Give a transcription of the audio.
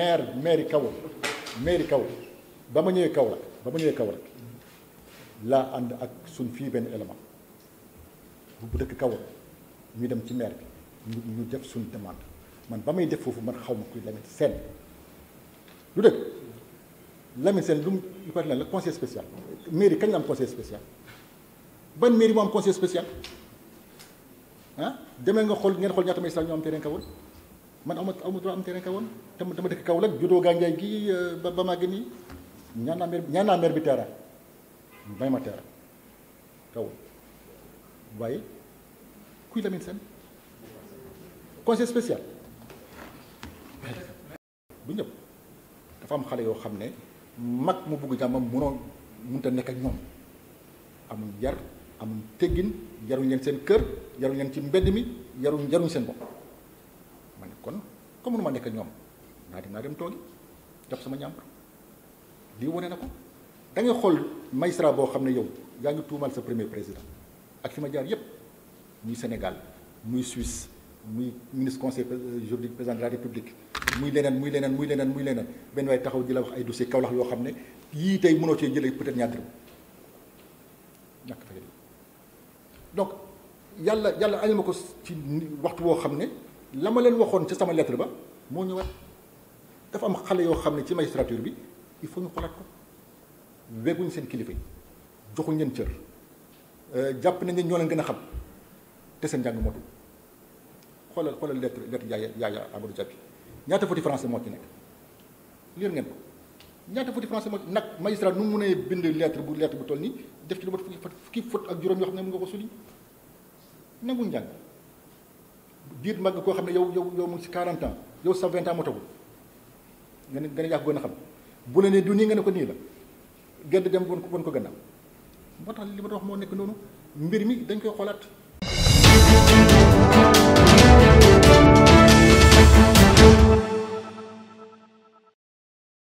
maire maire Kaolack maire Kaolack ba ma ñëwee Kaolack ba ma ñëwee Kaolack laa ànd ak suñ fii benn élément bu dëkk Kaolack ñu dem ci maire bi ñu def suñ demande man ba may def foofu man xaw ma kuy Lamine Sène lu dëkk Lamine Sène lu mu lu ko la conseil spécial mairie kañ la am conseil spécial ban mairie moo am conseil spécial ah demee nga xool ngeen xool ñaata magistrat ñoo am terrain Kaolack man aw ma aw droit am terrain kawon te ma dama dëkk Kaolack juddoo ganjay gi eh, ba ba màgg ñana ñaan naa maire bi tera bay ma terrain kawoon waaye kuy Lamine sen conseil spécial bu ñep dafa am xale yoo xam ne mag mu bugg jàmm mënoo mënta ak ñom amuñ yar amuñ teggin yaruñ ñen sen kër yaruñ ñen ci mbedd mi yaruñ yaruñ sen bokk kon comme ma nekk dem sama na ko da yow ngi premier président ak jaar yépp muy Sénégal muy Suisse muy ministre conseil euh, juridique président de la République muy leneen muy muy muy taxaw di la wax ay dossier peut-être donc yàlla yàlla ci waxtu la ma leen waxoon ci sama lettre ba moo ñëwaat dafa am xale yoo xam ne ci magistrature bi il faut ñu xolat ko wéguñ seen kilifa yi joxuñ leen cër jàpp nañ ne ñoo leen gën a xam te seen njàng motul xoolal xoolal lettre lettre yaaya yaaya Amadou Diaby ñaata footi français moo ci nekk liir ngeen ko ñaata footi français moo ci nag magistrat nu mu mënee bind lettre bu lettre bu toll nii def ci lu mot fukki fukki faute ak juróom yoo xam ne mun nga ko suli nangu njàng jiit mag koo xam ne yow yow yow mu ngi si 40 ans yow sa 20 ans moo tagul nga ne nga ne yaa gën xam bu la ne du nii nga ne ko nii la gedd dem woon ko woon ko gannaaw moo tax li ma wax moo nekk noonu mbir mi dañ koy xoolaat